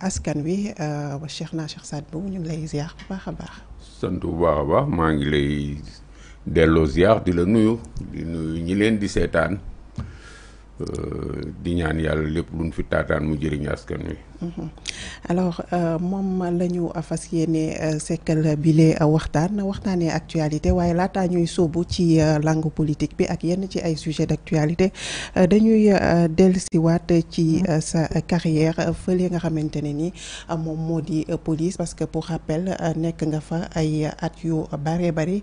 askan wi euh, Cheikh na Cheikh Saad Bou ñu ngi lay ziar bu baax a baax. sant bu baax a baax maa ngi lay delloo ziar di la nuyu di nuyu ñi leen di seetaan euh, di ñaan yàlla lépp luñ fi taataan mu jëriñ askan wi. alors euh, moom la ñu fas yéene euh, sekkal bile waxtaan waxtaanee actualité waaye laataa ñuy sóobu ci euh, langue politique bi ak yenn ci ay sujet d'actualité dañuy dellusiwaat ci mhm. sa carrière fële nga xamante ne ni moom moo di police parce que pour rappel nekk nga fa ay at yu bare bari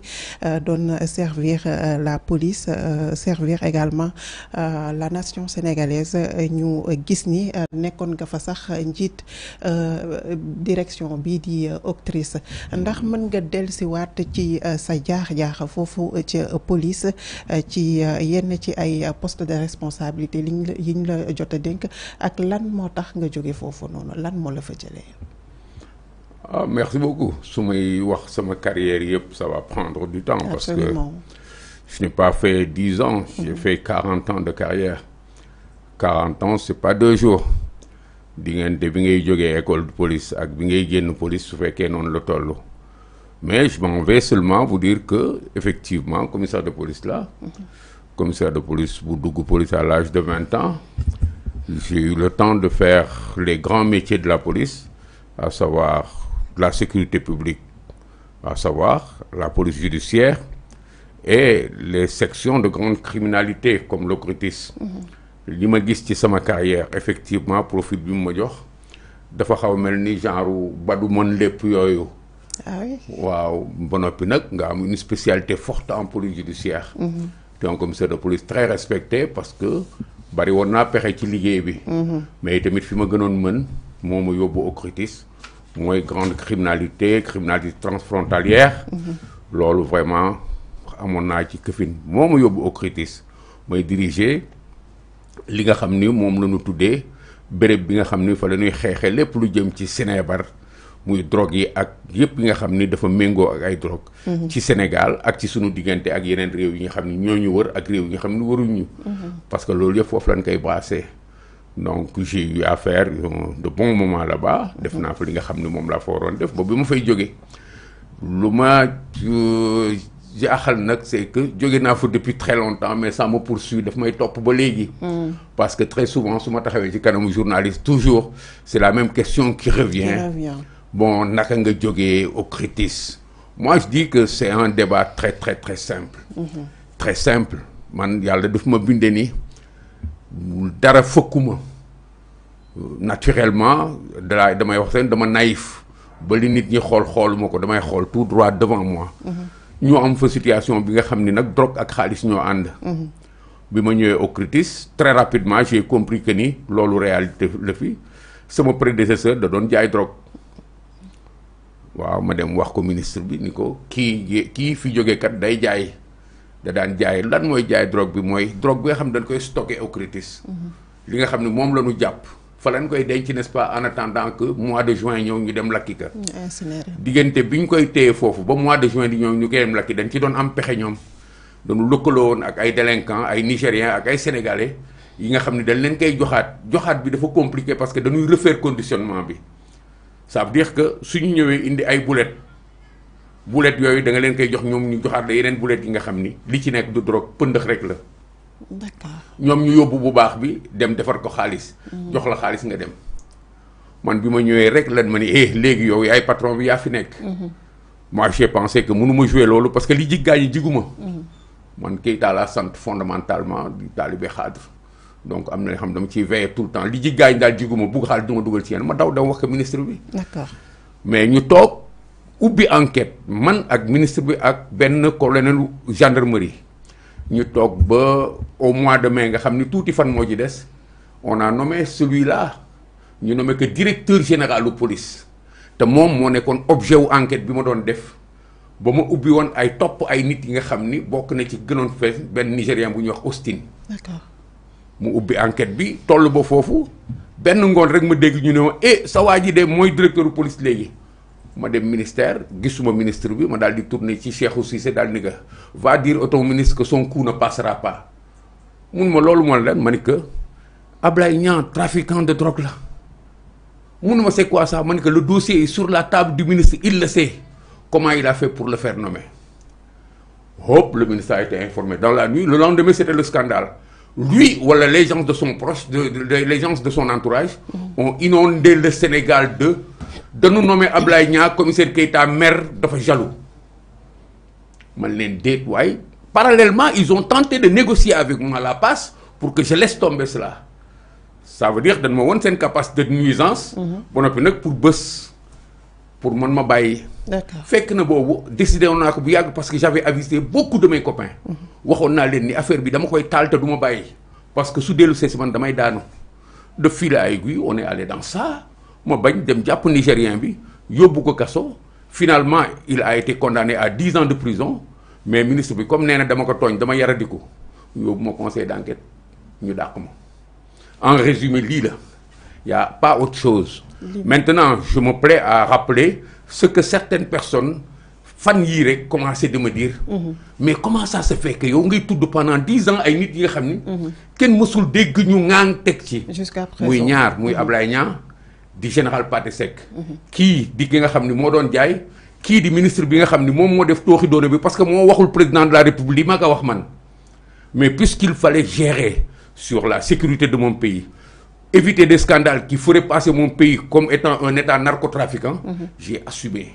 doon servir la police servir également la nation sénégalaise ñu gis ni nekkoon nga fa sax njiit euh, direction bi di actrice euh, ndax mën nga wat ci euh, sa jaax-jaax fofu ci police ci yenn ci ay poste de responsabilité liñ la yiñ denk ak lan motax nga jóge fofu lan mo la fa ah merci beaucoup su may wax sama carrière ça va prendre du temps. Absolument. parce que je n'ai pas fait dix ans. j'ai mm-hmm. fait 40 ans de carrière. 40 ans c'est pas deux jours bi ngay jógee école de police ak bi ngay génn police su fekkee noonu la mais je m'en vais seulement vous dire que effectivement commissaire de police là commissaire de police bu police à l'âge de 20 ans j'ai eu le temps de faire les grands métiers de la police à savoir la sécurité publique à savoir la police judiciaire et les sections de grande criminalité comme le li ma gis ci sama carrière effectivement profit bi ma jox dafa xaw melni genre badu mon lepp yoyu ah oui waaw ba noppi nga am une spécialité forte en police judiciaire. donc mhm. un commissaire de police très respecté parce que bari woon naa pexe ci liguey bi. Mhm. mais tamit fi ma gënon mën moo ma yóbbu au critis mooy grande criminalité criminalité transfrontalière. Mhm. lolu vraiment amon na ci këfin moo ma au critis mooy diriger. li nga xam ni moom la ñu tuddee béréb bi nga xam ni fa la ñuy xeexee lépp lu jëm ci Sénébar muy drogue yi ak yépp yi nga xam ni dafa méngoo ak ay drogue mhm. ci Sénégal ak ci sunu diggante ak yeneen réew yi nga xam ni ñoo ñu wër ak réew yi nga xam ni ñu. Mhm. parce que loolu yëpp foofu lañ koy basé donc j'ai eu affaire euh, de bon moment là-bas mhm. def naa fa li nga xam ni moom laa fa waroon def ba bi ma fay jógee lu ma euh, akhal nak c'est que jogé n'a fait depuis très longtemps mais ça me poursuit daf may top ba léegi. Hmm. parce que très souvent suma taxawé quand ci suis journaliste toujours c'est la même question qui revient. bon nak nga jogé au Critis. moi je dis que c'est un débat très très très simple. Mhm. très simple man yàlla daf ma bindee ni dara fëkkuma naturellement la damay wax sen dama naïf ba li nit ñi xol ko damay xol tout droit devant moi. Mhm. ñu am fa situation bi nga xam ni nag drogue ak xaalis ñoo ànd bi ma ñëwee au critis très rapidement j'ai compris que ni loolu réalité la fi sama prédécesseur da doon jaay drogue waaw ma dem wax ko ministre bi ni ko kii kii fi jóge kat day jaay da daan jaay lan mooy jaay drogue bi mooy drogue bi nga xam dañ koy stocké au critis mhm. li nga xam ni moom la nu jàpp fa lañ koy denc n'est-ce en attendant que mois de juin ñëw ñu dem lakki ka mm, diggante bi ñu koy teyee foofu ba mois de juin di ñëw ñu koy dem lakki dañ ci doon am pexe ñoom doon lëkkaloo woon ak ay délinquants ay nigériens ak ay sénégalais yi nga xam ne dañ leen koy joxaat joxaat bi dafa compliqué parce que dañuy refaire conditionnement bi sa veut dire que suñu ñëwee indi ay boulettes boulettes yooyu da nga leen koy jox ñoom ñu joxaat la yeneen boulettes yi nga xam ni li ci nekk du drogue pëndëx rek la ñoom ñu yóbbu bu baax bi dem defar ko xaalis. jox la xaalis nga dem. man bi ma ñëwee rek lan ma ni eh léegi yow yaay patron bi yaa fi nekk. Mhm. moi j'ai pensé que mënu ma jouer loolu parce que li jig gaañu jiguma mhm. man Keita laa sant fondamentalement di taalibe xaadir donc am na xam dama ciy veiller tout le temps li jig gaañu daal jiguma bugg xaalis du ma dugal ci yéen ma daw dama wax ko ministre bi. mais ñu toog ubbi enquête man ak ministre bi ak benn colonelu gendarmerie. ñu toog ba au mois de mai nga xam ni tuuti fan moo ci des on a nommé celui-là ñu nommé que directeur général de police te moom moo nekkoon objet wu enquête bi ma doon def ba ma ubbi woon ay topp ay nit yi nga xam ni bokk na ci gënoon fees benn Nigérien bu ñuy wax Austin. mu ubbi enquête bi toll ba foofu benn ngoon rek ma dégg ñu ne ma eh sa waa ji de mooy directeur police léegi. ma dem suis ministre bi tourner ci Cheikhou Cissé va dire au ministre que son coup ne passera pas ma trafiquant de drogue un ma c'est quoi ça suis le dossier est sur la table du ministre il le sait comment il a fait pour le faire nommer hop le ministre a été informé dans la nuit le lendemain c'était le scandale lui ou les de son proche de, de, de de son entourage mm. ont inondé le Sénégal de nous nommer Ablaye Niang commissaire Keita maire dafa jaloux man leen jaloux. parallèlement ils ont tenté de négocier avec moi la passe pour que je laisse tomber cela ça veut dire que nous avons une capacité de nuisance mhm. Bon noppi pour bës pour mon ma Fait que nous avons décidé de ne pas bu parce que j'avais avisé beaucoup de mes copains Je mhm. naa allé ni affaire bi dama koy te du parce que sous dellu see man damay danou. de fil à aiguille on est allé dans ça ma bañ dem japp nigérien bi yobou ko kasso finalement il a été condamné à dix ans de prison mais ministre bi comme néna dama ko togn dama yaradiko yobou mo conseil d'enquête ñu dàq en résumé lii il y a pas autre chose maintenant je me plais à rappeler ce que certaines personnes fan yi rek commencé de me dire mhm. mais comment ça se fait que yow ngay tudd pendant dix ans ay nit yi nga xam ni mhm. kenn mësul ñu ŋaan ci jusqu'à présent muy ñaar muy mhm. Ablaye ñaar du général Pathé qui di nga ministre parce que le président de la république mais puisqu'il fallait gérer sur la sécurité de mon pays éviter des scandales qui feraient passer mon pays comme étant un état narcotrafiquant mhm. j'ai assumé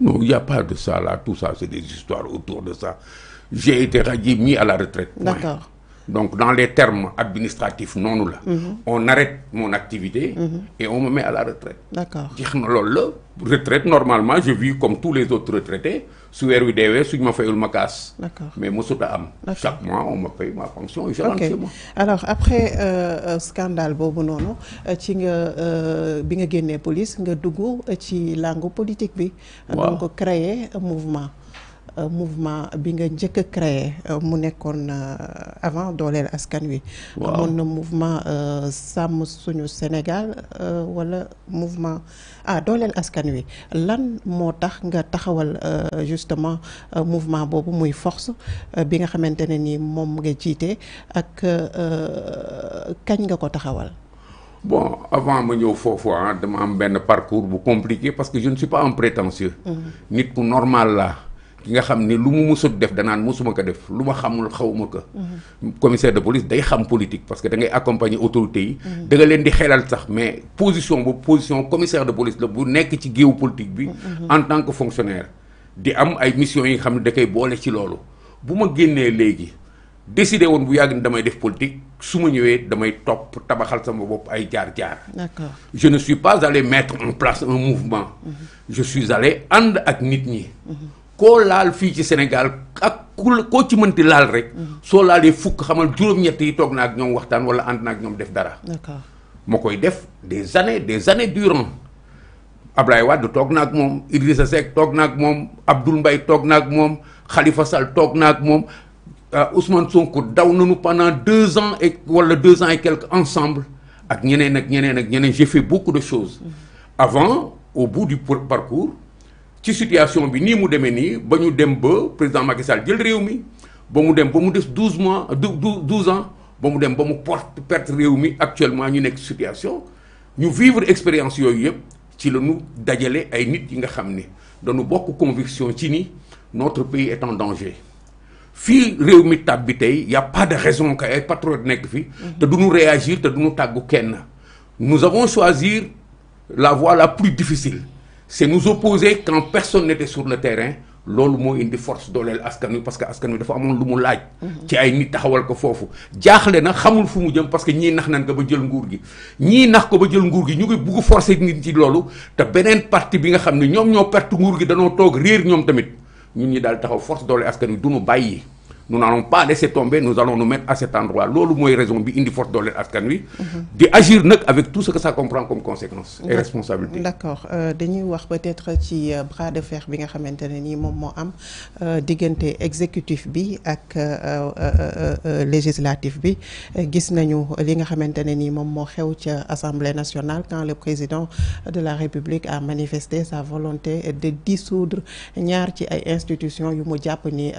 Non, il n'y a pas de ça là, tout ça, c'est des histoires autour de ça. J'ai été radié, mis à la retraite. D'accord. Donc, dans les termes administratifs, non, nous, là, mhm. on arrête mon activité mhm. et on me met à la retraite. D'accord. retraite, normalement, je vis comme tous les autres retraités, sous RUDW, sous ma feuille ma casse. D'accord. Mais moi, chaque mois, on me paye ma pension et je rentre chez moi. Alors, après le euh, euh, scandale, bobo nono, tu as gagné la police, tu euh, as politique, donc créé un mouvement. Euh, mouvement bi nga jëk créé euh, mu euh, avant dolel askan wi. waaw mouvement sam suñu Sénégal wala mouvement ah dooleel askan wi lan motax nga taxawal justement mouvement bobu muy force bi nga xamante ne ni moom nga jité ak kañ nga ko taxawal. bon avant ma ñëw foofu ah dama am parcours bu compliqué parce que je ne suis pas un prétentieux. Mm-hmm. nit pour normal laa nga xam ne lu mu mësut def danaan mësuma ko def luma xamul xawuma ko mhm. commissaire de police day xam politique parce que da ngay accompagner autorité yi mhm. da nga leen di xelal sax mais position bu position commissaire de police la bu nek ci géopolitique bi mhm. en tant que fonctionnaire di am ay mission yi nga xam da kay bolé ci lolu buma génné légui léegi décidé woon bu yàgg damay def politique suma ma damay top tabaxal sama bop ay jaar-jaar. d'accord je ne suis pas allé mettre en place un mouvement. je suis allé and ak nit ñi ko laal fii ci Sénégal ak ku koo ci mënti laal rek. Mhm. soo laalee fukk xamal juróom-ñett yi toog na ak ñoom waxtaan wala ànd na ak ñoom def dara. d'accord ma koy def des années des années durant Ablaye Wade toog na ak moom Idrissa Seck toog na ak moom Abdoul Mbaye toog na ak moom Khalifa Sall toog na ak moom euh, Ousmane Sonko daw nañu pendant deux ans et wala deux ans et quelques ensemble ak ñeneen ak ñeneen ak ñeneen j'ai fait beaucoup de choses. Mhm. avant au bout du parcours ci situation bi ni mu demee ni ba ñu dem ba président Macky Sall jël réew mi ba mu dem ba mu def douze mois 12 ans ba mu dem ba mu porte perte réew mi actuellement ñu nekk situation ñu vivre expérience yooyu yëpp ci la ñu dajale ay nit yi nga xam ne dañu bokk conviction ci ni notre pays est en danger fii réew mi tab bi tey y a pas de raison que ay patriote nekk fi mhm. te duñu réagir te duñu tàggu kenn nous avons choisir la voie la plus difficile c'est nous opposer quand personne n'était sur le terrain loolu mo indi force dooleel askan parce que askan dafa amone lu mu laaj. Mhm. ci ay nit taxawal ko fofu jaaxle na xamul fumu mu jëm parce que ñi nax nañ ko ba jël nguur gi ñi nax ko ba jël nguur gi ñu ngi bugg forcer nit ci loolu te benen parti bi nga xamni ñom ñoom ñoo perte nguur gi danoo toog réer ñom tamit ñun ñi dal taxaw force dooleel askan wi du nous n'allons pas laisser tomber nous allons nous mettre à cet endroit loolu mooy raison bi indi force dooleel l'Afghanistan, wi. Mhm. di agir avec tout ce que ça comprend comme conséquence. et responsabilité D'accord. accord euh, dañuy peut-être ci euh, bras de fer bi nga xamante ne nii moom euh, exécutif bi ak législatif bi gis nañu li nga xamante assemblée nationale quand le président de la république a manifesté sa volonté de dissoudre ñaar ci ay institutions qui ont jàpp ni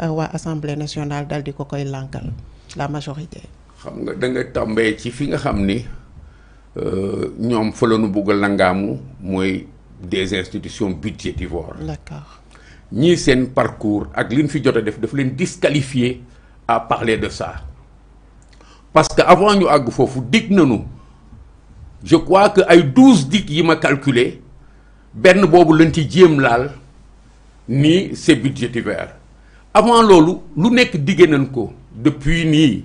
euh, wa assemblée nationale dal di ko koy lànkal la majorité. xam nga da nga tàmbee ci fi nga xam ni euh, ñom fa la nu bugg a des institutions budgétivores. d'accord ñi sen parcours ak liñ fi jotta def daf leen disqualifier à parler de ça parce que avant ñu ag fofu dig nañu je crois que ay 12 dig yi ma calculer ben bobu lañ ci jéem laal ni c'est budgétivore avant lolu, lu nek ko depuis ni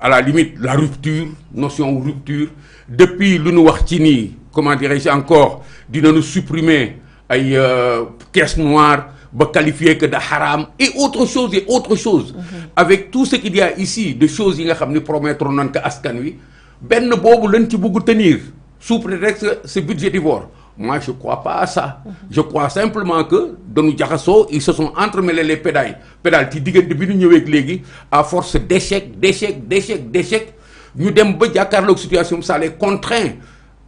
à la limite la rupture notion rupture depuis lu nu wax ci comment dirais-je encore nous supprimer ay euh, caisse noire ba qualifier que de haram et autre chose et autre chose mhm. avec tout ce qu'il y a ici de choses yi nga xamni promettre nañ ka askan wi ne bobu lañ ci bëgg tenir sous prétexte budget d'ivoire moi, je ne crois pas à ça. Je crois simplement que, dans nous Diakasso, ils se sont entremêlés les pédales. Pédales, tu dis que depuis nous sommes à force d'échecs, d'échecs, d'échecs, d'échecs, nous sommes la situation, ça les contraint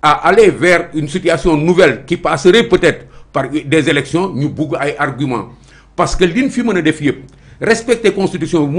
à aller vers une situation nouvelle qui passerait peut-être par des élections, nous avons arguments. Parce que l'infime ne défie respecter la constitution,